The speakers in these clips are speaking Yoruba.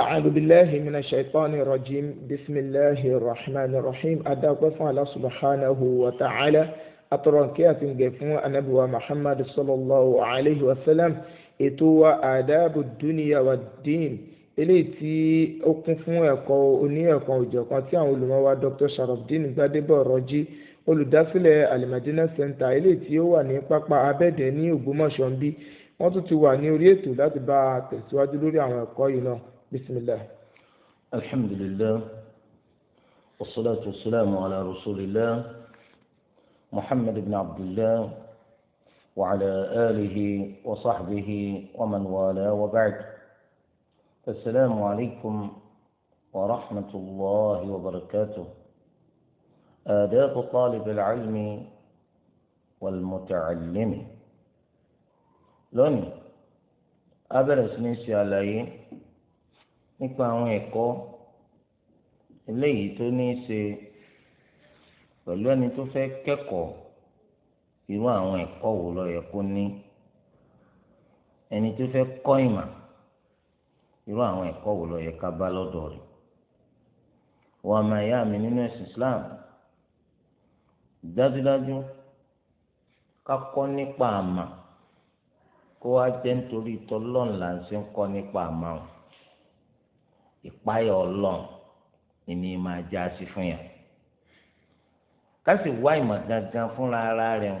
أعوذ بالله من الشيطان الرجيم بسم الله الرحمن الرحيم أدعوكم الله سبحانه وتعالى أتركيا تنجفون النبي محمد صلى الله عليه وسلم إتوا آداب الدنيا والدين eléyìí tí ó kún fún ẹ̀kọ́ oní ẹ̀kọ́ òjọ̀kan tí àwọn olùmọ̀ wa Dr. Sharafdin Gbadebo Rọjí olùdásílẹ̀ Alimadina Center eléyìí tí ó wà ní pápá abẹ́dẹ̀ ní Ògbómọ̀ṣọ́ ń bí wọ́n tún ti wà ní orí ètò láti bá a tẹ̀síwájú lórí àwọn ẹ̀kọ́ yìí náà بسم الله الحمد لله والصلاة والسلام على رسول الله محمد بن عبد الله وعلى آله وصحبه ومن والاه وبعد السلام عليكم ورحمة الله وبركاته آداب طالب العلم والمتعلم لوني أبرز نسي عليه nípa àwọn ẹ̀kọ́ eléyìí tó ní í ṣe pẹ̀lú ẹni tó fẹ́ kẹ́kọ̀ọ́ irú àwọn ẹ̀kọ́ wo ló yẹ kó ní ẹni tó fẹ́ kọ́ ìmọ̀ irú àwọn ẹ̀kọ́ wo ló yẹ ká bá lọ́dọ̀ rẹ̀ wọ́n máa yá mi nínú ẹ̀sìn Islam dájúdájú ká kọ́ nípa àmà kó wá jẹ́ nítorí tọ́lọ́ọ̀n là ń ṣe ń kọ́ nípa àmà o ìpáyọ̀ ọlọ́run ìní máa já sí fún yàn ká sì wá ìmọ̀ gangan fúnra ara rẹ̀ o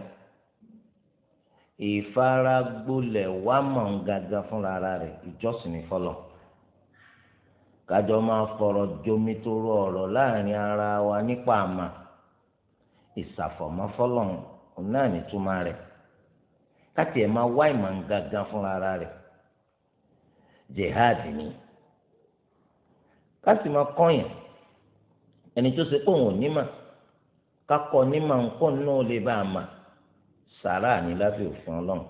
ìfaragbolẹ̀ wá mọ̀ gangan fúnra ara rẹ̀ ìjọsìn ní fọlọ́ kájọ máa fọ̀rọ̀ jomitoro ọ̀rọ̀ láàrin ara wa nípa àmà ìsàfọ̀mọ́fọ́lọ́ náà nítumọ̀ rẹ̀ káti ẹ̀ máa wá ìmọ̀ gangan fúnra ara rẹ̀ jihad ni. ká sì máa kọ́yàn ẹni tó ṣe pé òun ò ní mà kakọ ní mà ń lè bá a mà sàrà ní lábẹ́ òfin ọlọ́run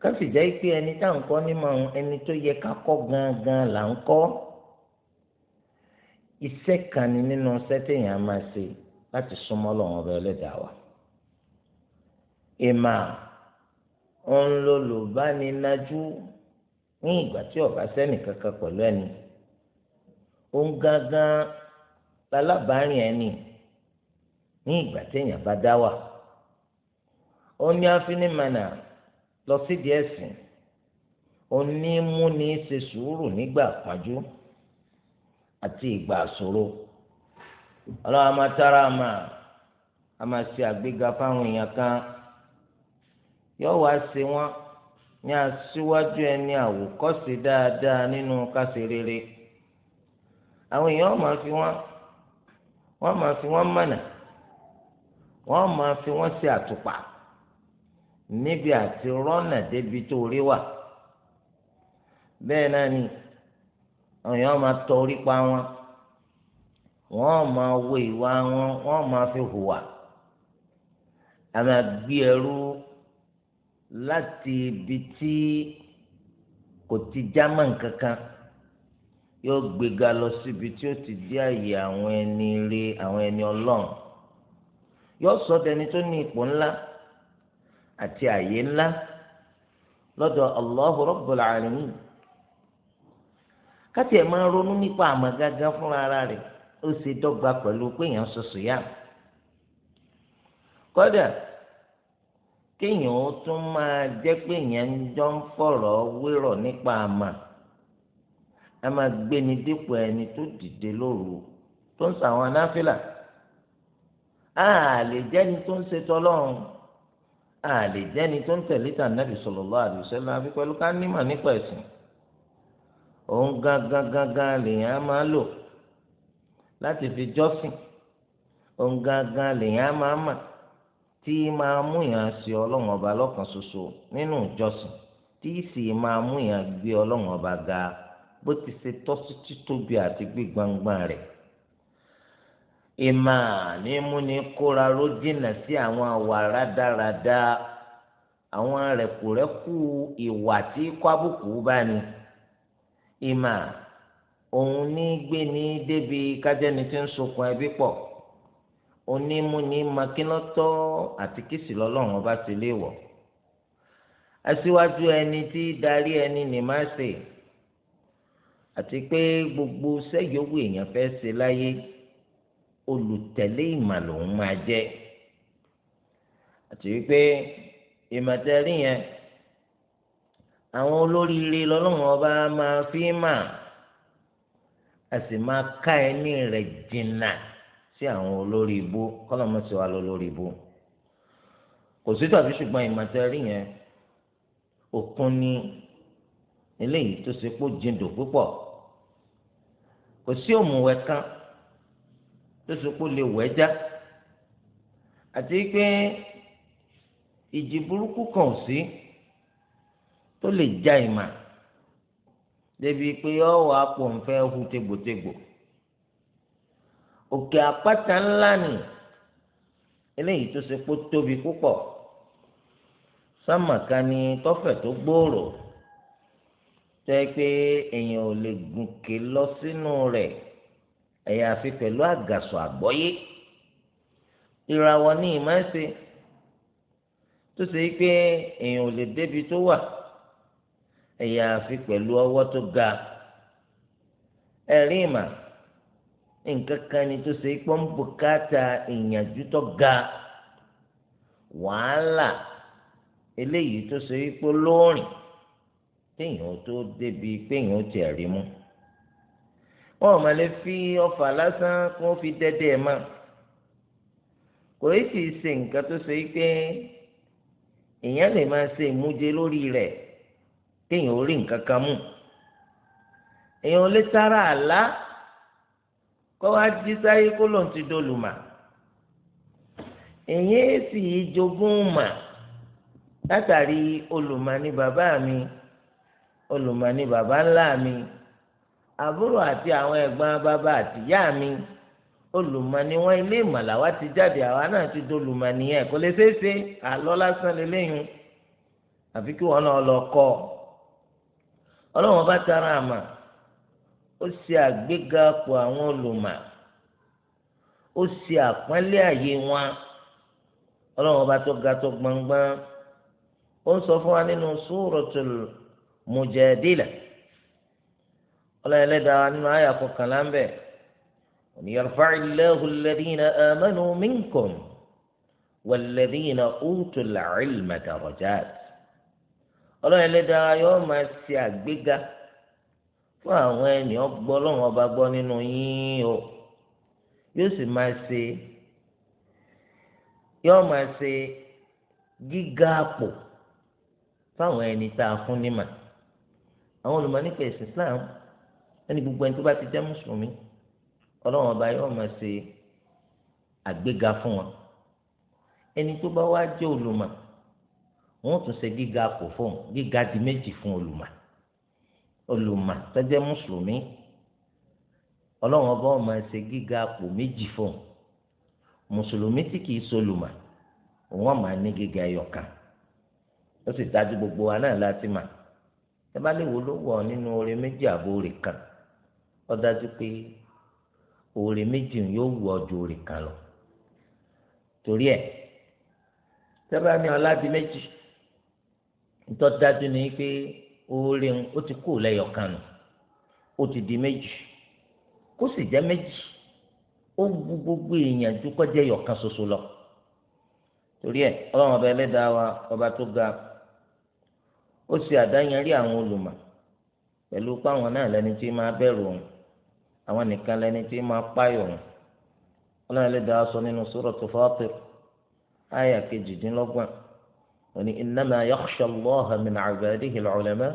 ká sì jẹ́ pé ẹni tá à ń kọ́ ní mà ń ẹni tó yẹ ká kọ́ gangan là ń kọ́ iṣẹ́ kan ni nínú iṣẹ́ téèyàn máa ṣe láti súnmọ́ lọ́wọ́ ọba ẹlẹ́dàá wa ìmà ń lò lò bá ní nájú ní ìgbà tí ọba sẹ́nì pẹ̀lú ẹni. òun gangan lalábàárìn ẹni ní ìgbà téèyàn bá dá wà ó ní àfinimànà lọ sídìí ẹ̀sìn ó ní múni ṣe sùúrù nígbà pọ́njú àti ìgbà àṣòro ọlọ́wọ́ amátara àmà àmà ṣe àgbéga fáwọn èèyàn kan yóò wá ṣe wọ́n ní aṣíwájú ẹni àwòkọ́ṣe dáadáa nínú si rere. àwọn èèyàn máa fi wọn wọn máa fi wọn mọ̀nà wọn máa fi wọn ṣe àtùpà níbi àti rọ́nà débi tó rí wà bẹ́ẹ̀ náà ni àwọn èèyàn máa tọ orí pa wọn wọn máa wo ìwà wọn wọn máa fi hùwà a máa ẹrú láti ibi tí kò ti já mọ́ nǹkan kan. yóò gbéga lọ síbi tí ó ti di àyè àwọn ẹni rí àwọn ẹni ọlọ́run yóò sọ dẹni tó ní ipò ńlá àti àyè ńlá lọ́dọ̀ Allahu Rabbul Alamin káti ẹ̀ máa ronú nípa àmọ́ gángan fúnra ara rẹ̀ ó ṣe dọ́gba pẹ̀lú péyàn ṣoṣo yá kódà kéèyàn ó tún máa jẹ́ péyàn jọ ń fọ̀rọ̀ wérọ̀ nípa àmà. ẹ máa gbé ni dípò ẹni tó dìde lóru tó ń sàwọn anáfìlà a lè jẹ́ni tó ń ṣe tọ́lọ́run a lè jẹ́ni tó ń tẹ̀lé tà nàbì sallallahu alaihi wasallam àfi pẹ̀lú ká nímọ̀ nípa ẹ̀sìn òun gangan gangan lèyìn á máa lò láti fi jọ́sìn òun gangan lèyìn á máa mà tí máa mú yàn sí ọlọ́run ọba lọ́kàn ṣoṣo nínú ìjọsìn tí sì máa mú yàn gbé ọlọ́run ọba ga bó ti ṣe tọ́ sí títóbi àti gbígbangban rẹ̀ ìmà ní múni kóra ró jìnnà sí àwọn àwà rádaràda àwọn rẹ̀kùrẹ́kù ìwà tí kwábùkù bá ní ìmà òun ní gbé ní débi kájẹ́ni tí ń sokùn ẹbí pọ̀ onímúni makínlọ́tọ́ àti kìsì ọba ti léèwọ̀ aṣíwájú ẹni tí darí ẹni nìmáṣe àti pé gbogbo sẹ́yọ̀wò èèyàn fẹ́ ṣe láyé olùtẹ̀lé ìmà lòun máa jẹ́ àti wípé ìmọ̀tẹ́rì yẹn àwọn olóríire lọ́lọ́run ọba máa fi mà a sì máa ká ẹni rẹ̀ jìnnà sí àwọn olórí ibú kọ́lọ́mọ́sí wa lọ ibú kò sí tàbí ṣùgbọ́n ìmọ̀tẹ́rì yẹn òkun ni eléyìí tó ṣe pé jindò púpọ̀ kò sí òmùwẹ̀ kan tó ṣe pé lè wẹ̀ já àti pé ìjì burúkú kan ò sí tó lè já ìmà débi pé ọwọ́ apò ń fẹ́ hu tegbòtegbò òkè àpáta ńlá ni eléyìí tó ṣe pé tóbi púpọ̀ sámàkà ni tọ́fẹ̀ tó gbòòrò. tẹ́ pé èèyàn ò lè gùnkè lọ sínú rẹ̀ ẹ̀yà àfi pẹ̀lú àgàsọ̀ àgbọ́yé ìràwọ̀ ní ìmọ̀ ẹ́ ṣe tó ṣe pé èèyàn ò lè débi tó wà ẹ̀yà àfi pẹ̀lú ọwọ́ tó ga ẹ̀rí ìmọ̀ nǹkan kan ni tó ṣe pé ń bùkátà ìyànjú tó ga wàhálà eléyìí tó ṣe pé lóòrìn. téèyàn tó débi péèyàn tiẹ̀ rí mú wọn ò máa lè fi ọfà lásán kó fi dẹ́dẹ́ ẹ̀ máa kò yìí sì ṣe nǹkan tó ṣe pé èèyàn lè máa ṣe ìmújẹ lórí rẹ̀ téèyàn ò rí nǹkan kan mú èèyàn ò lè sára àlá kó wá jí sáyé kó lòun ti dolùmà èèyàn sì jogún mà látàrí olùmà ni bàbá mi olùmọ̀ni bàbá ńlá mi àbúrò àti àwọn ẹ̀gbọ́n bàbá àti ìyá mi olùmọ̀ni wọn ilé ìmọ̀lá wa ti jáde àwa náà ti dolùmọ̀ni ẹ̀ kò lè ṣeé ṣe àlọ́ lásán lélẹ́yìn àfi kí wọn náà lọ kọ́ ọlọ́wọ́n bá tara àmà ó ṣe àgbéga pọ̀ àwọn olùmọ̀ ó ṣe àpọ́nlé àyè wọn ọlọ́wọ́n bá tó ga tó gbọ̀ngbọ̀n ó ń sọ fún wa nínú Suratul mujadila ọlọ́yẹlẹ́ dára nínú àyà kọkànlá ń bẹ̀ òní yarfa'i Allahu alladhina amanu minkum walladhina utul ilma darajat ọlọ́yẹlẹ́ dára yóò máa ṣe àgbéga fún àwọn ẹni ọgbọ́ lọ́wọ́ ọba gbọ́ nínú yín o yóò sì máa ṣe yóò máa ṣe gíga àpò fáwọn ẹni tá a fún nímọ̀ àwọn olùmọ̀ọ́nìkà ẹ̀sìn Islam ẹni gbogbo ẹni tó bá ti jẹ́ mùsùlùmí ọlọ́run ọba yóò máa ṣe àgbéga fún wọn ẹni tó bá wá jẹ́ olùmọ̀ wọ́n tún ṣe gíga kò fún gíga di méjì fún olùmọ̀ olùmọ̀ tó jẹ́ mùsùlùmí ọlọ́run ọba ó máa ṣe gíga kò méjì fún mùsùlùmí tí kìí solùmọ̀ wọ́n máa ní gíga ẹyọ kan ó sì dájú gbogbo wa náà láti máa. tẹ́bá lè wò ló wọ nínú oore méjì àbò oore kan ọ dájú pé oore méjì yóò wù ọ́ ju kan lọ torí ẹ tẹ́bá ní ọlá méjì ntọ́ dájú ni pé oore ó ti kú lẹ́yọ̀ kan nù ó ti di méjì kó sì jẹ́ méjì ó gbogbo èèyàn kan ṣoṣo lọ torí ọlọ́run ọba ẹlẹ́dàá wa ọba tó ga. ó ṣe àdáyanrí àwọn olùmọ̀ pẹ̀lú páwọn náà lẹni tí máa bẹ̀rù òun àwọn nìkan lẹni tí máa páyọ òun Ọlọ́run Ẹlẹ́dàá sọ nínú Suratu Fatir àyà kejìdínlọ́gbọ̀n òní innama yakhsha Allaha min ibadihi al-ulama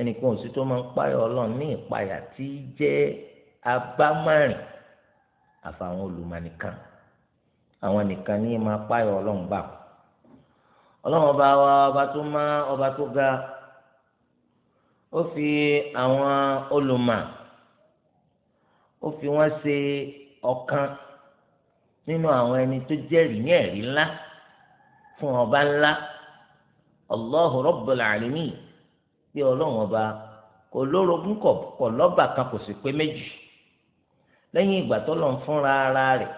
ẹnìkan òsì tó máa ń páyọ Ọlọ́run ní ìpayà tí jẹ́ abámárìn àfàwọn olùmọ̀ nìkan àwọn nìkan ní máa páyọ Ọlọ́run báwọn. ọlọ́run ọba wa ọba tó má ọba tó ga ó fi àwọn olùmọ̀ ó fi wọ́n ṣe ọ̀kan nínú àwọn ẹni tó jẹ́rìí ní ẹ̀rí ńlá fún ọba ńlá Allahu Rabbul Alamin bí ọlọ́run ọba kò lórogún kọ̀ lọ́ba kan kò sì pé méjì lẹ́yìn ìgbà tó lọ́n fúnra ara rẹ̀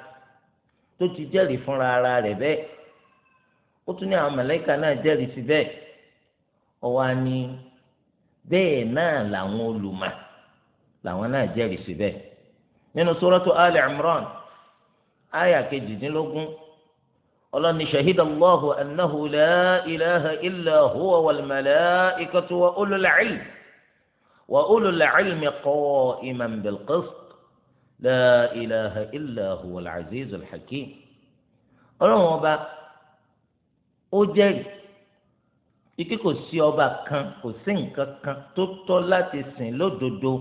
tó ti jẹ́rìí fúnra ara rẹ̀ bẹ́ẹ̀ ó tún ní àwọn màláíkà náà jẹ́rìí sí bẹ́ẹ̀ ọwọ́ á ní bẹ́ẹ̀ náà làwọn olùmọ̀ làwọn náà jẹ́rìí sí bẹ́ẹ̀ nínú suratu ali imran aya kejìdínlógún ọlọ́ni shahida allahu annahu la ilaha illa huwa wal malaikatu wa ulul ilm wa ulul ilmi qa'iman bil la ilaha illa huwa al aziz ọlọ́run ọba ó jẹ́rìí ike kò sí ọba kan kò sí nǹkan kan tó tọ́ láti sìn lódodo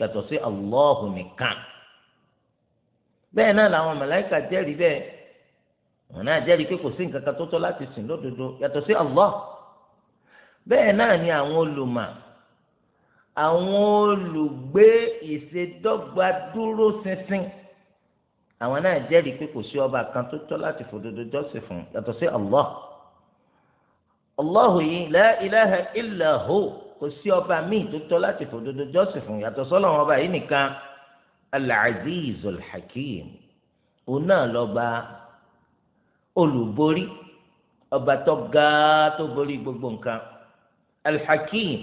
yàtọ̀ sí Allahu nìkan bẹ́ẹ̀ náà làwọn màláíkà jẹ́rìí bẹ́ẹ̀ wọn náà jẹ́rìí pé kò sí nǹkan kan tó tọ́ láti sìn lódodo yàtọ̀ sí Allah bẹ́ẹ̀ náà ni àwọn olùmọ̀ àwọn olùgbé ìṣèdọ́gba dúró ṣinṣin àwọn náà jẹ́rìí pé kò sí ọba kan tó tọ́ láti fòdodo jọ́sìn fún yàtọ̀ sí Allah. Allahu yìí la ilaha illa hu kò sí ọba míì tó tọ́ láti fòdodo jọ́sìn fún yàtọ̀ sọ́lọ́ wọn ọba yìí nìkan al-azizul hakim òun náà lọ́ba olùborí ọba tó ga tó borí gbogbo nǹkan al-hakim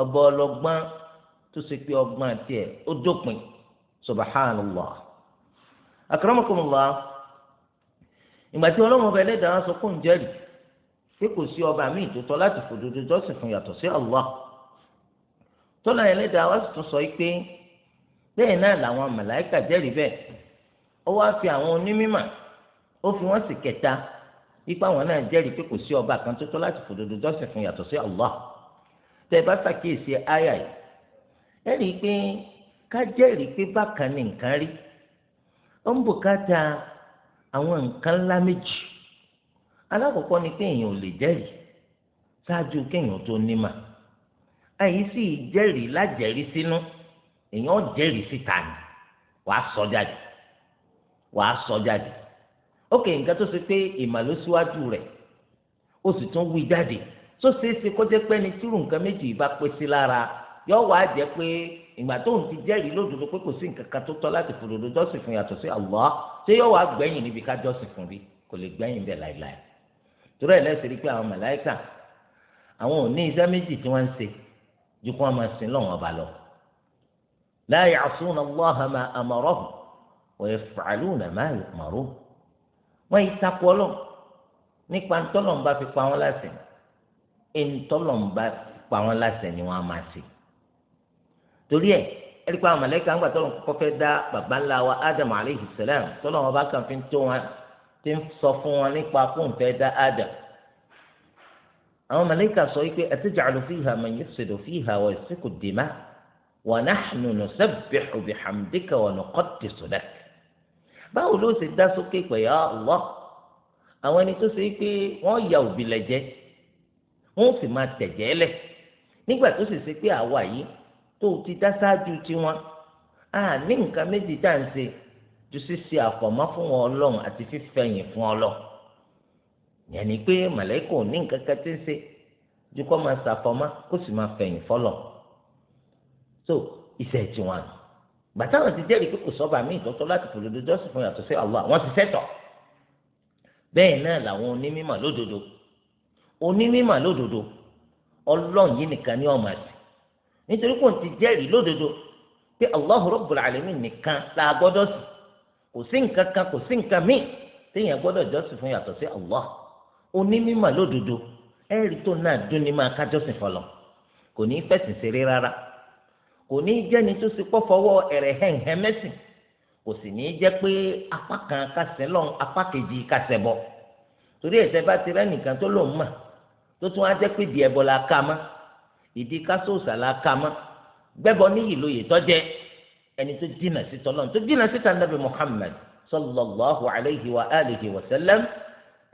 ọba ọlọ́gbọ́n tó ṣe pé ọgbọ́n tiẹ̀ ó dópin subhanallah akramakumullah ìgbà tí ọlọ́run ẹlẹ́dàá sọ fún ìjẹ́rìí pé kò sí ọba míì tó tọ́ láti fòdodo jọ́sìn fún yàtọ̀ sí Allah tọ́lá ẹlẹ́dàá wá sì tún sọ pé bẹ́ẹ̀ náà làwọn màláìkà jẹ́rìí bẹ́ẹ̀ ó wá fi àwọn onímímà ó fi wọ́n sì kẹta ipa àwọn náà jẹ́rìí pé kò sí ọba kan tó tọ́ láti fòdodo jọ́sìn fún yàtọ̀ sí Allah tẹ́ ẹ bá ṣàkíyèsí àyà yìí ẹ rí i pé ká jẹ́rìí pé bákan ni nǹkan rí ó ń bùkátà àwọn nǹkan ńlá méjì alákọ̀ọ́kọ́ ni pé èèyàn ò lè jẹ́rìí ṣáájú kéèyàn tó nímà àyè sì jẹ́rìí lájẹ̀rí sínú èèyàn jẹ́rìí síta ni wàá sọ jáde wàá sọ jáde ókè nǹkan tó ṣe pé ìmà ló síwájú rẹ̀ ó sì tún wí jáde tó ṣeé ṣe kó jẹ́ pé ẹni tírù nǹkan méjì bá pé sí lára yọ wàá jẹ́ pé ìgbà tó ń ti jẹ́rìí lódodo pé kò sí nǹkan kan tó tọ́ láti fòdodo jọ́sìn fún yàtọ̀ sí Allah ṣé yọ wàá gbẹ̀yìn níbi ká jọ́sìn fún bí kò lè gbẹ̀yìn bẹ́ẹ̀ láìláì torí ẹ̀ lẹ́sìn rí pé àwọn màláìkà àwọn ò ní iṣẹ́ méjì tí wọ́n ń ṣe ju kí wọ́n máa sin lọ́wọ́n ọba lọ. la ya'suna Allaha ma amarahum wa yaf'aluna ma yu'marun. wọ́n yí takú ọlọ́ nípa ntọ́lọ́mba fi pa wọ́n láṣẹ ntọ́lọ́mba pa wọ́n láṣẹ ni wọ́n á máa ṣe. torí ẹ̀ ẹ̀rí pé àwọn màláìkà ń gbà tọ́lọ́ kọ́kọ́ dá bàbá ńlá wa Ádámù alayhi salam tọ́lọ́mọba kan fi ń tó wọn ti ń sọ fún wọn nípa kó ń fẹ́ dá àdà àwọn màlàíkà sọ wípé ataj'alu fiha man yufsidu fiha wa yasfiku dima wa nahnu nusabbihu bihamdika wa nuqaddisu lak báwo ló ṣe dá sókè pé ya Allah àwọn ẹni tó ṣe pé wọ́n ya òbílẹ̀ jẹ wọ́n sì máa tẹ̀jẹ́ lẹ̀ nígbà tó sì ṣe pé àwa yìí tó ti dá sáájú tiwọn a nǹkan méjì tá à ń ṣe ju ṣíṣe àfọ̀mọ́ fún wọn ọlọ́run àti fífẹ̀yìn fún ọlọ́run yẹn ni pé màlẹ́kọ̀ ní nǹkan kan tí ń ṣe ju kó máa ṣàfọ̀mọ́ kó sì máa fẹ̀yìn fọlọ̀ so iṣẹ́ tiwọn gbàtà wọn ti jẹ́rìí pé kò sọ́ba mí ìtọ́tọ́ láti fòdodo jọ́sìn fún yàtọ̀ sí Allah wọn ti sẹ́tọ̀ bẹ́ẹ̀ náà làwọn onímímọ̀ lódodo onímímọ̀ lódodo ọlọ́run yìí nìkan ni ọmọ àti nítorí kò ti jẹ́rìí lódodo pé Allahu Rabbul Alamin nìkan la gbọ́dọ̀ sìn kò sí nǹkan kan kò sí nǹkan míì téèyàn gbọ́dọ̀ jọ́sìn fún yàtọ̀ sí Allah onímọ̀ lódodo ẹ̀rí tó náà dún ní máa kájọ́sìn fọlọ́ kò ní í fẹ̀sìn ṣeré rárá kò ní í jẹ́ni tó ṣe pọ́fọwọ́ ẹ̀rẹ̀ hẹ̀ǹhẹ̀ mẹ́sìn kò sì ní í jẹ́ pé apá kan kásẹ̀ lọ́n apá kejì kásẹ̀ bọ̀ torí ẹ̀sẹ̀ bá ti rẹ́ nìkan tó lòún mà tó tún á jẹ́ pé ìdí ẹ̀bọ la ká mọ́ ìdí kásòòsà la ká mọ́ gbẹ́bọ níyì lóye tọ́jẹ́ ẹni tó jìnnà sí tọ́lọ́n tó jìnnà sí tànàbí Muhammad sallallahu alayhi wa alihi wa sallam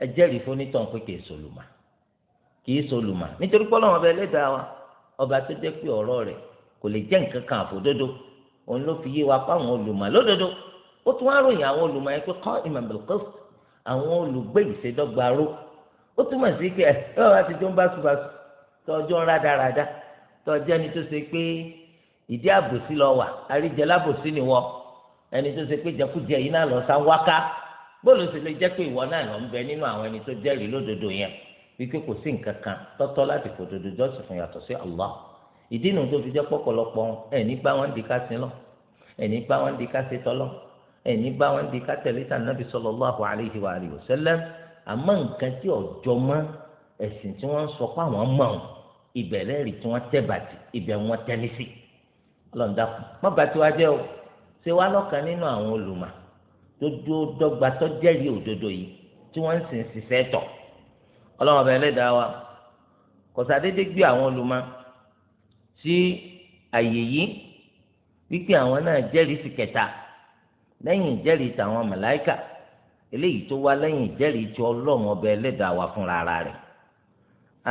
ẹ jẹ́rìí fún onítàn pé kìí solùmà kìí solùmà nítorí pọ́lọ́ ọba ẹlẹ́dàá wa ọba tó jẹ́ pé ọ̀rọ̀ rẹ̀ kò lè jẹ́ nǹkan kan àfòdodo òun ló fi yé wa pa àwọn olùmọ̀ lódodo ó tún wá ròyìn àwọn olùmọ̀ yẹn pé qa'iman bil àwọn olùgbé ìṣèdọ́gba ó túmọ̀ sí pé ẹ ẹ bá ti jó ń bá subàsù tọ́jọ́ rádaràda tọ́jọ́ ẹni tó ṣe pé ìdí àbòsí lọ wà àríjẹ lábòsí ni wọ ẹni tó ṣe pé jẹkújẹ yìí náà lọ sá wáká bóòlù sì lè jẹ pé ìwọ náà lọ ń bẹ nínú àwọn ẹni tó jẹ́rìí lódodo yẹn wípé kò sí nǹkan kan tọ́tọ́ láti fòdodo jọ́sìn fún yàtọ̀ sí Allah ìdí nu tó fi jẹ́ pọ̀pọ̀lọpọ̀ ẹni bá wọn di ká sin lọ ẹni bá wọn di ká ṣe tọ́lọ́ ẹni bá wọn di ká tẹ̀lé tà nàbì sallallahu alaihi wa alihi wasallam àmọ́ nǹkan tí ọ̀jọ́ mọ́ ẹ̀sìn tí wọ́n sọ pé àwọn mọ̀ ìbẹ̀rẹ̀ rí tí wọ́n tẹ̀ bàtì ìbẹ̀ wọn tẹ́lẹ̀ sí ọlọ́run dákun má bàa tiwa jẹ́ o ṣe wá lọ́kàn nínú àwọn olùmọ̀ tó dúró dọ́gba tó jẹ́rìí òdodo yìí tí wọ́n ń sìn ṣiṣẹ́ tọ̀ ọlọ́run ọba ẹlẹ́dàá wa kọ̀sádédé gbé àwọn olùmọ̀ sí àyè yìí wípé àwọn náà jẹ́rìí sí kẹta lẹ́yìn ìjẹ́rìí tàwọn màláìkà eléyìí tó wá lẹ́yìn ìjẹ́rìí tí ọlọ́run ọba ẹlẹ́dàá wa fúnra ara rẹ̀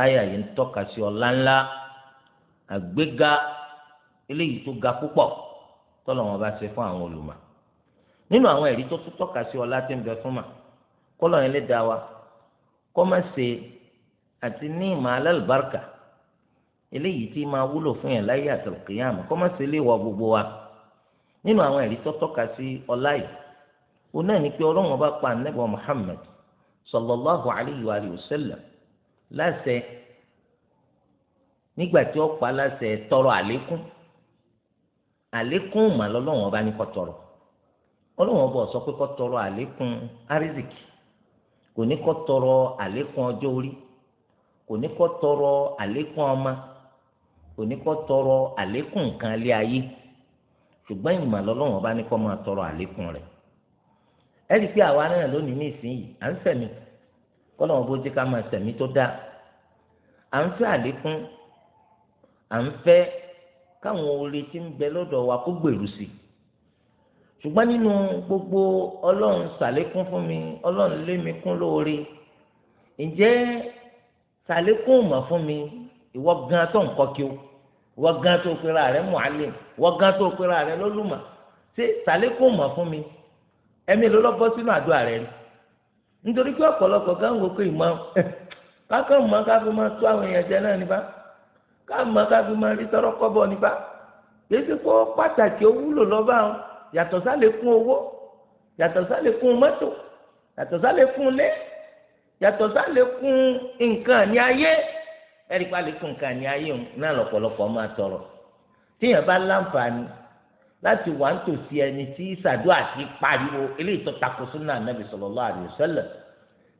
àyà yìí ń tọ́ka sí ọlá àgbéga eléyìí tó ga púpọ̀ tọ́lọ́wọ́n bá ṣe fún àwọn olùmọ̀ nínú àwọn ẹ̀rí tó tún tọ́ka sí ọlá tí ń bẹ fún mà kọ́lọ́ yẹn lè dá wa kọ́ má ṣe àti ní ìmọ̀ alálùbáríkà eléyìí tí máa wúlò fún yẹn láyé àtàlùkìyàmù kọ́ má ṣe lè wọ gbogbo wa nínú àwọn ẹ̀rí tó tọ́ka sí ọlá yìí o náà ní pé ọlọ́wọ́n bá pa ànábì Muhammad sallallahu alayhi wa sallam láṣẹ nígbà tí ó pa láṣẹ tọrọ àlékún àlékún ìmọ̀ lọ́lọ́wọ́n bá ní kó tọrọ ọlọ́wọ́n bọ̀ sọ pé kó tọrọ àlékún àrísìkì kò ní kó tọrọ àlékún ọjọ́ orí kò ní kó tọrọ àlékún ọmọ kò ní kó tọrọ àlékún nǹkan ilé ayé ṣùgbọ́n ìmọ̀ lọ́lọ́wọ́n bá ní kó máa tọrọ àlékún rẹ̀ ẹ rí i pé àwa náà lónìí ní à ń sẹ̀mí kọ́lọ́wọ́n bó jẹ́ ká máa sẹ̀mí tó dáa à ń fẹ́ àlékún à ń fẹ́ káwọn oore tí ń bẹ lọ́dọ̀ wa kó gbèrú sí i ṣùgbọ́n nínú gbogbo ọlọ́run ṣàlékún fún mi ọlọ́run lé mi kún lóore ǹjẹ́ ṣàlékún mọ̀ fún mi ìwọ gan tó ń kọ́ kí o ìwọ gan tó pera rẹ mu'allim ìwọ gan tó pera rẹ lọ́lùmọ̀ ṣé ṣàlékún mọ̀ fún mi ẹ̀mí ló lọ́bọ́ sínú àdúrà rẹ ni nítorí pé ọ̀pọ̀lọpọ̀ gáwọn gbogbo ìmọ̀ kákan mọ̀ káfí tó àwọn èèyàn jẹ náà nípa ká mọ ká fi máa rí tọrọ kọ́bọ̀ nípa gbèsè kó pàtàkì owúlò lọ́ba àwọn yàtọ̀ sálẹ̀ kún owó yàtọ̀ sálẹ̀ kún mọ́tò yàtọ̀ sálẹ̀ kún lé yàtọ̀ sálẹ̀ kún nǹkan ní ayé ẹ̀rí pa lè kún nǹkan ní ayé náà lọ́pọ̀lọpọ̀ máa tọrọ tíyẹn bá láǹfààní láti wà ń tòsí ẹni tí ìsàdó àti pariwo eléyìí tó takò súnà nàbì sallallahu alaihi wasallam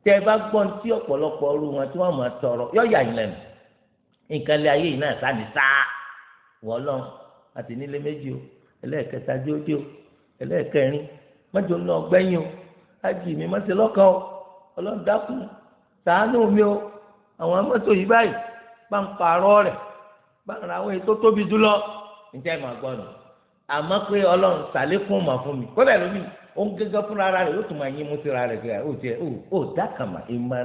tẹ ẹ bá gbọ́n tí ọ̀pọ̀lọpọ̀ ọrú wọn tí wọ́n máa tọrọ yọ yà yín lẹ́nu nǹkan lé ayé yìí náà sáni sáá wọ́n lọ àti nílé méjì o ẹlẹ́ẹ̀kẹta jóde o ẹlẹ́ẹ̀kẹrin mọ́jọ náà o ájì mi mọ́tò lọ́kàn o ọlọ́run dákun ṣàánú mi o àwọn mọ́tò yìí báyìí bá ń pààrọ̀ rẹ̀ bá ń ra àwọn èyí tó tóbi jùlọ níta ẹ̀ máa gbọ́ nù àmọ́ pé ọlọ́run ṣàlékún mà fún mi gẹ́gẹ́ fúnra rẹ̀ yóò o dákàmà ìmọ̀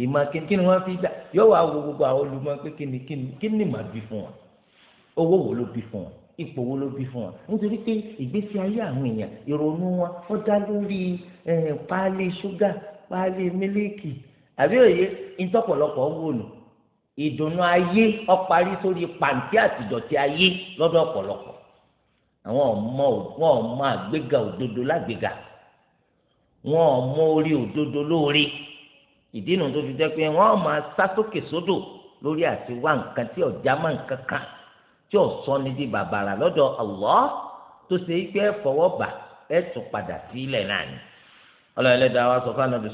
ìmọ̀ kí ni wọ́n fi dá yóò wá wo gbogbo àwọn olùmọ̀ pé kí ni kí ni kí ni màá bí fún wọn owó wo ló bí fún wọn ipò wo ló bí fún wọn nítorí pé ìgbésí ayé àwọn èèyàn ìrònú wọn ó dá lórí páálí ṣúgà páálí mílíìkì àbí òye ìtọ́pọ̀lọpọ̀ wò nù ìdùnnú ayé ó parí sórí pàǹtí àtìdọ̀tí ayé lọ́dọ̀ ọ̀pọ̀lọpọ̀ àwọn ọmọ wọn ọmọ àgbéga òdodo lágbéga wọn ọmọ orí òdodo lóore ìdí nu tó fi jẹ́ pé wọ́n máa sá sókè sódò lórí àti wá nǹkan tí ọ̀já máa nǹkan tí ọ̀sọ́ ni di bàbàrà lọ́dọ̀ Allah tó ṣe é pé fọwọ́ bà ẹ̀ tún padà sílẹ̀ náà ni. ọlọ́run ẹlẹ́dàá wa sọ fún anabi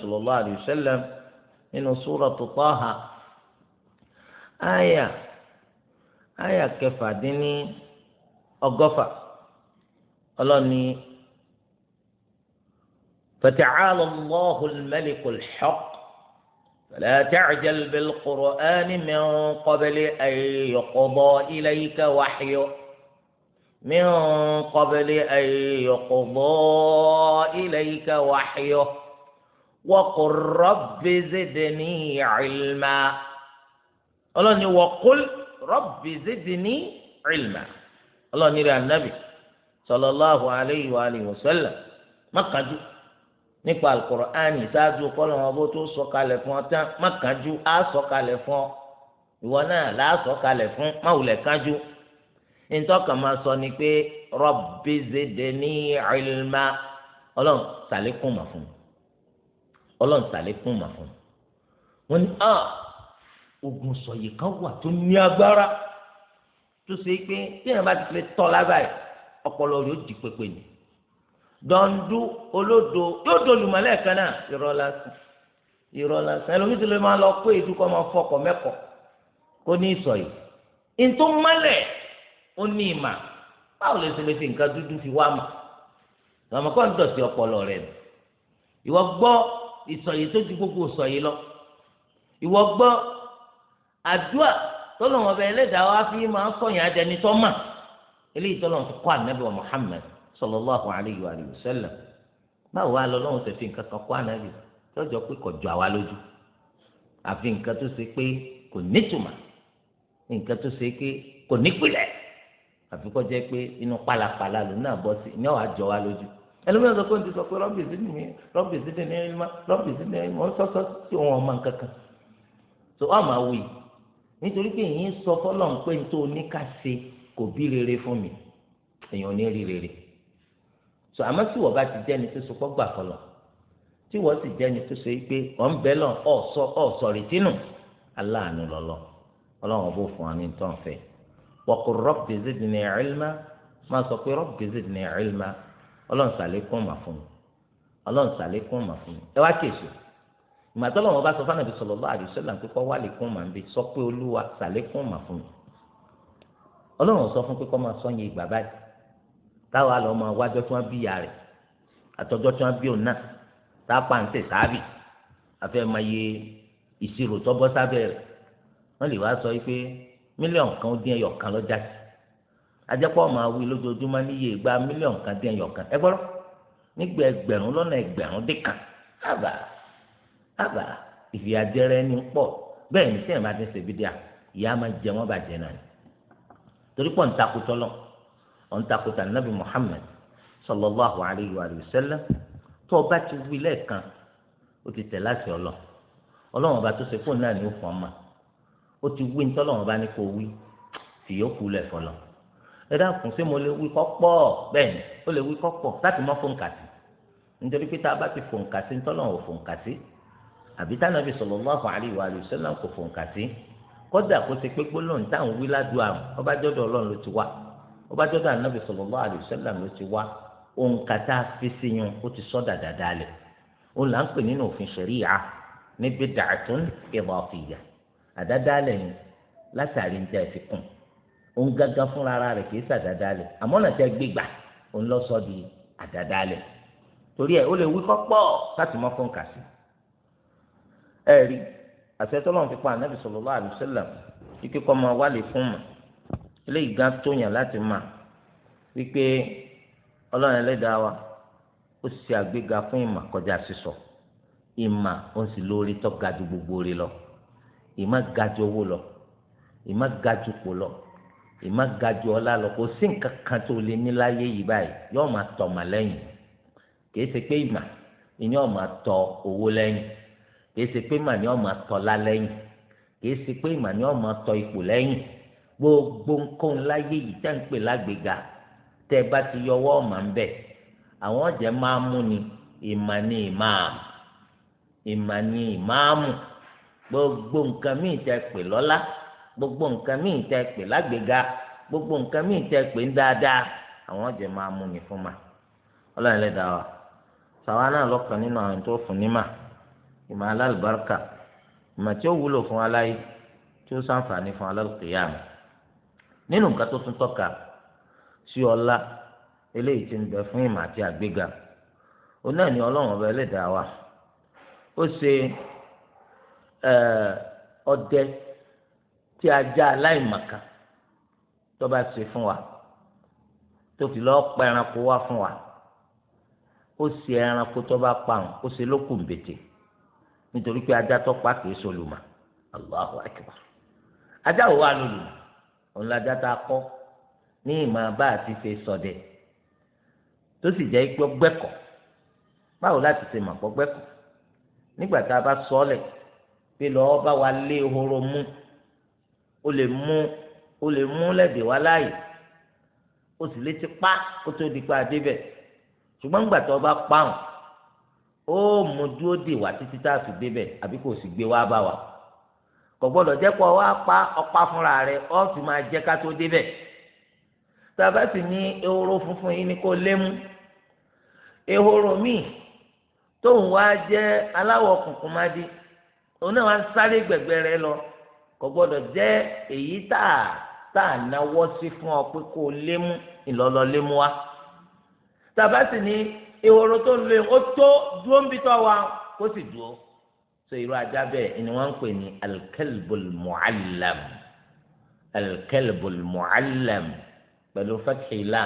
فلا تعجل بالقرآن من قبل أن يقضى إليك وحيه من قبل أن يقضى إليك وحيه وقل رب زدني علما الله وقل رب زدني علما الله نرى النبي صلى الله عليه وآله وسلم má kájú nípa alukur'ani ṣáájú kọ́lọ́mọ bó tó sọ̀kalẹ̀ fún ọ tán má kánjú á sọ̀kalẹ̀ fún ọ ìwọ náà là á sọ̀kalẹ̀ fún má wulẹ̀ kánjú ntọ́ka máa sọ ni pé rabbi zidni ilma ọlọ́run sàlékún mà fún ọlọ́run sàlékún mà fún wọn ni ah ogun sọ̀yẹ̀ kan wà tó ní agbára tó ṣe pé tí èèyàn bá ti fi tọ́ lábàá ọpọlọ rẹ̀ ó di pépé nìyí dọ̀ǹdú olódo yóò dolùmọ̀lẹ́ kan náà irọ́ lásán irọ́ lásán ẹlòmíì tó lè máa lọ kó ìdúkọ́ máa fọkọ̀ mẹ́kọ̀ kó ní ìsọ̀ yìí ntó mọ́lẹ̀ ó ní ìmà báwo lè ṣe lè fi nǹkan dúdú fi wá mà lọ́mọkọ́ ń dọ̀tí ọpọlọ rẹ̀ nù ìwọ gbọ́ ìsọ̀ yìí tó ju gbogbo ìsọ̀ yìí lọ ìwọ gbọ́ àdúà tọ́lọ́mọbẹ ẹlẹ́dàá wa fi máa ń sọ̀yìn adẹnitọ́ mà eléyìí tọ́lọ́mọ fi kọ́ ànábì wa Muhammad sallallahu alayhi wa sallam báwo wá lọ lọ́wọ́ tẹ̀sí nǹkan kan kó ànábì tọ́jọ́ pé kò jọ àwa lójú àfi nǹkan tó ṣe pé kò nítumọ̀ nǹkan tó ṣe pé kò nípìlẹ̀ àfi kọ́ jẹ́ pé inú pálapàla ló náà bọ́ sí ní ọ̀hà jọ wa lójú ẹlòmíràn sọ pé ó ti sọ pé rọ́bì sídìí mi rọ́bì sídìí ní ẹni mọ́ rọ́bì sídìí ní wọ́n sọ́sọ́ tí wọ́n ọmọ nǹkan kan tó wọ́n máa wí nítorí pé èyí ń sọ fọ́lọ́n pé nítorí oníkàṣe kò bí rere fún mi èèyàn ò ní rí rere sọ àmọ́ tí wọ́n bá ti jẹ́ni tó so pọ́ gbà kọlọ̀ tí wọ́n sì jẹ́ni tó so pé ọ̀n bẹ́ẹ̀ lọ ọ̀sọ ọ̀sọ rìtínù aláàánú lọ́lọ́ ọlọ́run bó fún wa ní tán fẹ́ wọ́kù rabbi zidni ilma máa sọ pé rabbi zidni ilma ọlọ́run sàlékún mà fún mi ọlọ́run sàlékún mà fún mi ẹ wá kéṣù ìmọ̀tọ́ lọ́wọ́ bá sọ táwa lọ máa wájọ tí wọn bí ìyá rẹ àtọjọ tí wọn bí òun náà tá a pàǹtẹ sáàbì àfẹ máa yẹ ìṣirò tọbọ sábẹ rẹ wọn lè wá sọ pé mílíọ̀nù kan dín ẹyọ kan lọ jáde ajẹpọ máa wí lójoojúmọ́ níye ìgbà mílíọ̀nù kan dín ẹyọ kan ẹ gbọ́dọ̀ nígbà ẹgbẹ̀rún lọ́nà ẹgbẹ̀rún dín kan àbà àbà ìfìyàjẹrẹ ni pọ̀ bẹ́ẹ̀ ní sẹ́yìn bá ti ń ṣèbí díà ìyá máa jẹ wọ́n bàjẹ́ náà torí pọ̀ ń takùtọ́ lọ́wọ́ ọ̀n takùtà nàbì Muhammad sallallahu alayhi wa sallam tó o bá ti wí lẹ́ẹ̀kan o ti tẹ̀ láti ọlọ ọlọ́wọ́n bá tó ṣe fóònù náà ní o fọ́n ma o ti wí nítorí ọlọ́wọ́n bá ní kó o wí fìyókù lẹ̀ fọlọ́ ẹ dákun ṣé mo lè wí kọ́pọ̀ bẹ́ẹ̀ ni o lè wí kọ́pọ̀ láti mọ́ fóònù kàtí nítorí pé tá a bá ti fóònù kàtí nítorí ọlọ́wọ́n fóònù kàtí àbí tánàbí sallallahu alayhi wa sallam kò fóònù kàtí kọ́dà kó ṣe pé gbólóhùn táwọn wí ládùúgbò ó bá jọ́dọ̀ ànábì sallallahu alaihi wasallam ló ti wá òǹkà tá a fi sí yun ó ti sọ́dà dáadáa lẹ̀ òun là ń pè nínú òfin ṣẹ̀ríyà ní bid'atun idafiyya àdáadáa lẹ̀ yẹn látàrí níta ẹ̀fí kùn òun gángan fúnra ara rẹ̀ kìí sàdáadáa lẹ̀ àmọ́ ọ̀nà tẹ́ gbé gbà òun lọ sọ di àdáadáa lẹ̀ torí ẹ̀ ó lè wí kọ́pọ̀ láti mọ́ fún kàṣí ẹ̀rí àṣẹ tọ́lọ́run fi pa ànábì sallallahu alaihi wasallam kíkọ́ máa wálé fún mọ́ eléyìí ga tóyàn láti mà wípé ọlọ́run ẹlẹ́dàá wa ó ṣe àgbéga fún ìmà kọjá sísọ ìmà ó sì lórí tó ga ju gbogbo rẹ̀ lọ ìmà ga ju owó lọ ìmà ga ju pò lọ ìmà ga ju ọlá lọ kò sí nǹkan kan tó lè ní láyé yìí báyìí yóò máa tọ̀ mà lẹ́yìn kì í ṣe pé ìmà ìní ọ̀ máa tọ owó lẹ́yìn kì í ṣe pé ìmà ni ọ̀ máa tọ̀ ọlá lẹ́yìn kì í ṣe pé ìmà ni ọ̀ máa tọ ipò lẹ́yìn gbogbo nǹkan láyé yìí tẹ́ ń pè lágbègà tẹ́ ẹ bá ti yọwọ́ ọ̀mà ń bẹ̀ àwọn ọ̀jẹ̀ máa mú ni ìmà ni ìmáàmù ìmà ni ìmáàmù gbogbo nǹkan míì tẹ́ ẹ pè lọ́lá gbogbo nǹkan míì tẹ́ ẹ pè lágbègà gbogbo nǹkan míì tẹ́ pè ń dáadáa àwọn ọ̀jẹ̀ máa mú ni fún ma ọlọ́run lẹ́dàá wa sàwa náà lọ́kàn nínú àwọn tó fún ní mà ìmà alálùbáríkà ìmà tí ó wúlò fún aláyé tí ó sàǹfààní fún alálùkìyàmù nínú nǹkan tó tún tọ́ka sí ọlá eléyìí tí ń bẹ fún ìmọ̀ àti àgbéga òun náà ni ọlọ́run ọba ẹlẹ́dàá wa ó ṣe ọdẹ tí ajá aláìmọ̀kan tó bá ṣe fún wa tó fi lọ́ọ́ pa ẹranko wá fún wa ó ṣe ẹranko tó bá pa òun ó ṣe lókùn bètè nítorí pé ajá tó pa kìí solùmọ̀ Allahu akbar ajá ò wá lólùmọ̀ òun lajá tá a kọ́ ní ìmọ̀ bá àti ṣe sọdẹ tó sì jẹ́ pé gbẹ́kọ̀ báwo láti ṣe mọ̀ pọ́ gbẹ́kọ̀ nígbà tá a bá sọ ọ́ lẹ̀ pé lọ́ọ́ bá wa lé ehoro mú o lè mú o lè mú lẹ́dẹ̀ wá láàyè o sì lè ti pa kó tó di pa adébẹ̀ ṣùgbọ́n nígbà tó o bá pa hàn ó mú dúró dè wá títí tá a fi débẹ̀ àbí kò sì gbé wá bá wa kò gbọ́dọ̀ jẹ́ pọ̀ pa ọ̀pá fúnra rẹ̀ ọ́ sì máa jẹ́ ká tó débẹ̀ tàbá sì ní ehoro funfun yìí ni kò lé mú ehoro míì tóun wá jẹ́ aláwọ̀ kùnkùn má dé òun náà wá sáré gbẹ̀gbẹ̀ rẹ lọ kò gbọ́dọ̀ èyí tá tá a náwó sí fún ọ pé kò lé ìlọlọ lé wa tàbá sì ní ehoro tó lé o tó dúró ń bí wa kó sì dúró so irú ajá bẹ́ẹ̀ ni wọ́n ń pè ní alkelbul mu'allam alkelbul mu'allam pẹ̀lú fatihila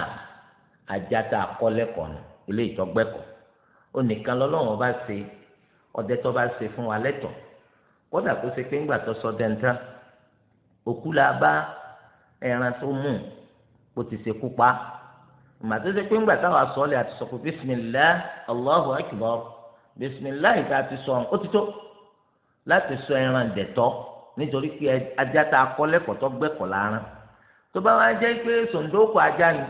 ajá tá a kọ́ lẹ́kọ̀ọ́ nù ilé ìtọ́gbẹ́kọ̀ ó nìkan lọ́lọ́wọ́n bá ṣe ọdẹ tó bá ṣe fún wa lẹ́tọ̀ kódà kó ṣe pé ńgbà tó sọ dẹ́ńtà òkú la bá ẹran tó mú kó ti ṣe kú pa ìgbà ṣe pé ńgbà táwa sọ ọ́ lẹ́ àti sọ pé bísímìlá Allahu akbar bísímìlá ìta ti sọ ọ́n ti tó láti sọ ẹran dẹ̀tọ́ nítorí pé ajá tá a kọ́ lẹ́kọ̀ọ́ tó gbẹ́kọ̀ọ́ láàrán tó bá wá jẹ́ pé sòǹdókò ajá ni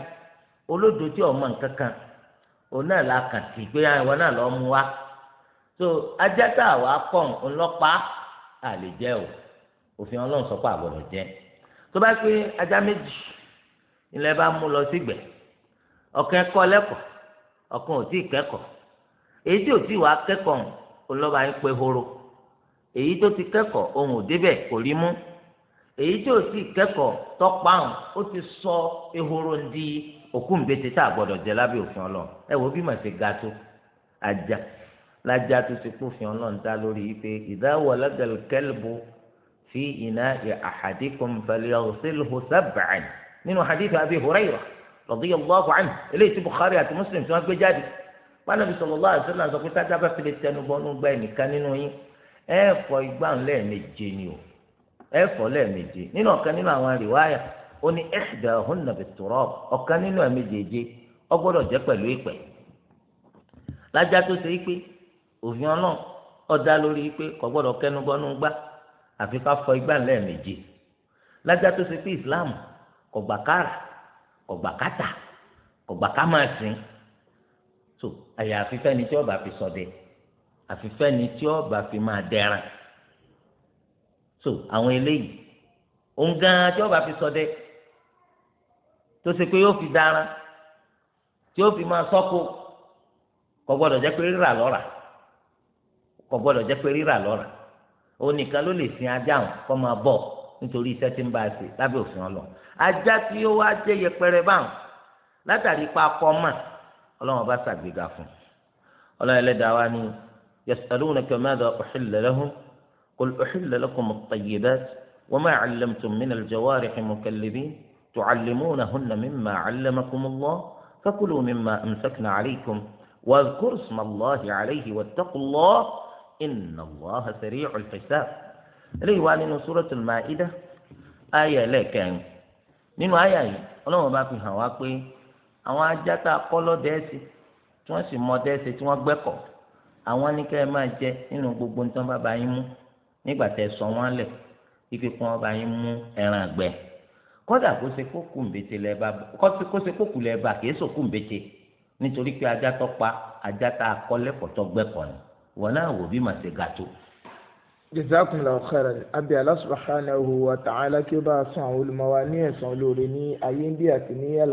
olódò tí ọmọ nǹkan kan òun náà la kàn sí pé àwọn náà lọ́ mú wa so ajá tá a wá kọ́ ńlọ́pàá à lè jẹ́ o òfin ọlọ́run sọ pé àgbọ̀dọ̀ jẹ́ tó bá pé ajá méjì ilẹ̀ bá mú lọ sígbẹ̀ ọ̀kan kọ́ lẹ́kọ̀ọ́ ọ̀kan ò tí ì kẹ́kọ̀ọ́ èyí tí ò tí ì wá kẹ́kọ̀ọ́ ńlọ́ba èyí tó ti kẹ́kọ̀ọ́ ohun òdebẹ̀ kò rí mú èyí tó ti kẹ́kọ̀ọ́ tọ́páhùn ó ti sọ ehoro ń di òkú nbètè tá a gbọ́dọ̀ jẹ lábẹ́ òfin ọlọ́run ẹ wo bí mà ṣe ga tó ajá lájá tó ti kú òfin ọlọ́run dá lórí yìí pé idha walaga al-kalbu fi ina'i ahadikum falyaghsilhu sab'an nínú hadith Abi Hurayrah radiyallahu anhu eléyìí tí Bukhari àti Muslim tí wọ́n gbé jáde pàánàbí sallallahu alaihi wasallam sọ pé tájà bá fi lè tẹnu gbá ẹnìkan nínú yín ẹ fọ igbáhùn lẹ́ẹ̀méje ni o ẹ fọ nínú ọ̀kan nínú àwọn àríwáyà ó ní ẹ̀sìdà ọ̀hún nàbẹ̀ tọ̀rọ̀ ọ̀kan nínú ẹ̀méjèèje ọ jẹ́ pẹ̀lú ìpẹ́ lájà tó ṣe pé òfin ọlọ́run ó lórí pé kò gbọ́dọ̀ kẹnubọ́nú gbá àfi ká fọ igbáhùn lẹ́ẹ̀méje lájà tó Islam kò gbà kára kò gbà kátà kò gbà ká máa sìn so àfifẹ́ ni tí ọba fi máa dẹran so àwọn eléyìí òun gan tí ọba fi ṣọdẹ tó ṣe pé yóò fi dáran tí yóò fi máa sọ́kò kò gbọ́dọ̀ jẹ́ pé rírà lọ́ra kò gbọ́dọ̀ jẹ́ pé rírà lọ́ra òun nìkan ló lè sin ajá hàn kó máa bọ̀ nítorí iṣẹ́ tí ń bá a ṣe lábẹ́ òfin ọlọ́run ajá tí ó wá jẹ́ yẹpẹrẹ báwọn látàrí pa akọ mọ́ ọlọ́run bá ṣàgbéga fún ọlọ́run ẹlẹ́dàá wa ni. يسألونك ماذا أحل لهم قل أحل لكم الطيبات وما علمتم من الجوارح مكلبين تعلمونهن مما علمكم الله فكلوا مما أمسكن عليكم واذكروا اسم الله عليه واتقوا الله إن الله سريع الحساب eléyìí wá nínú المائدة آية ayé ẹlẹ́kẹrin nínú ayé yìí ọlọ́run bá fi hàn wá pé àwọn ajá tá a àwọn ní kẹ́ ẹ máa jẹ nínú gbogbo ní tí wọ́n bá ba yín mú nígbà tẹ́ sọ wọ́n lẹ̀ kíkẹ́ kí wọ́n bá yín mú ẹran àgbẹ̀ kódà kó ṣe kó kùnbété lẹ́ bá kó ṣe kó kù bá kì í sọ nítorí pé ajá tó pa ajá tá a kọ́ lẹ́kọ̀ọ́tọ́ gbẹ́kọ̀ ni wọn náà wò bí màá ṣe ga tó. jazakumullahu khairan abi Allah subhanahu wa ta'ala kí ó bá a san àwọn olùmọ̀ ní ẹ̀san olóore ní ayé bí àti ní al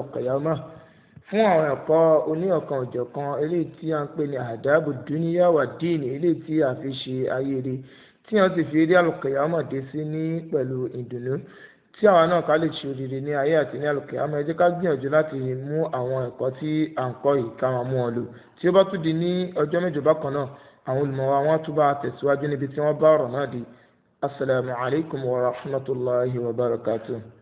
fún àwọn ẹ̀kọ́ oníọ̀kan òjọ̀kan eléyìí tí a ń pè ní àdábù dúníyà wà díìnì eléyìí tí a fi ṣe ayé rí tí wọ́n ti fi rí àlùkìyámọ̀ dé sí ní pẹ̀lú ìdùnnú tí àwa náà ká lè ṣe òrìrì ní ayé àti ní àlùkìyámọ̀ ẹ jẹ́ ká gbìyànjú láti mú àwọn ẹ̀kọ́ tí à ń kọ́ yìí ká máa mú wọn lò tí ó bá tún di ní ọjọ́ mẹ́jọ bákan náà àwọn olùmọ̀ wa wọ́n tún bá tẹ̀síwájú níbi tí wọ́n bá ọ̀rọ̀ náà di assalamu wa rahmatullahi wa barakatuh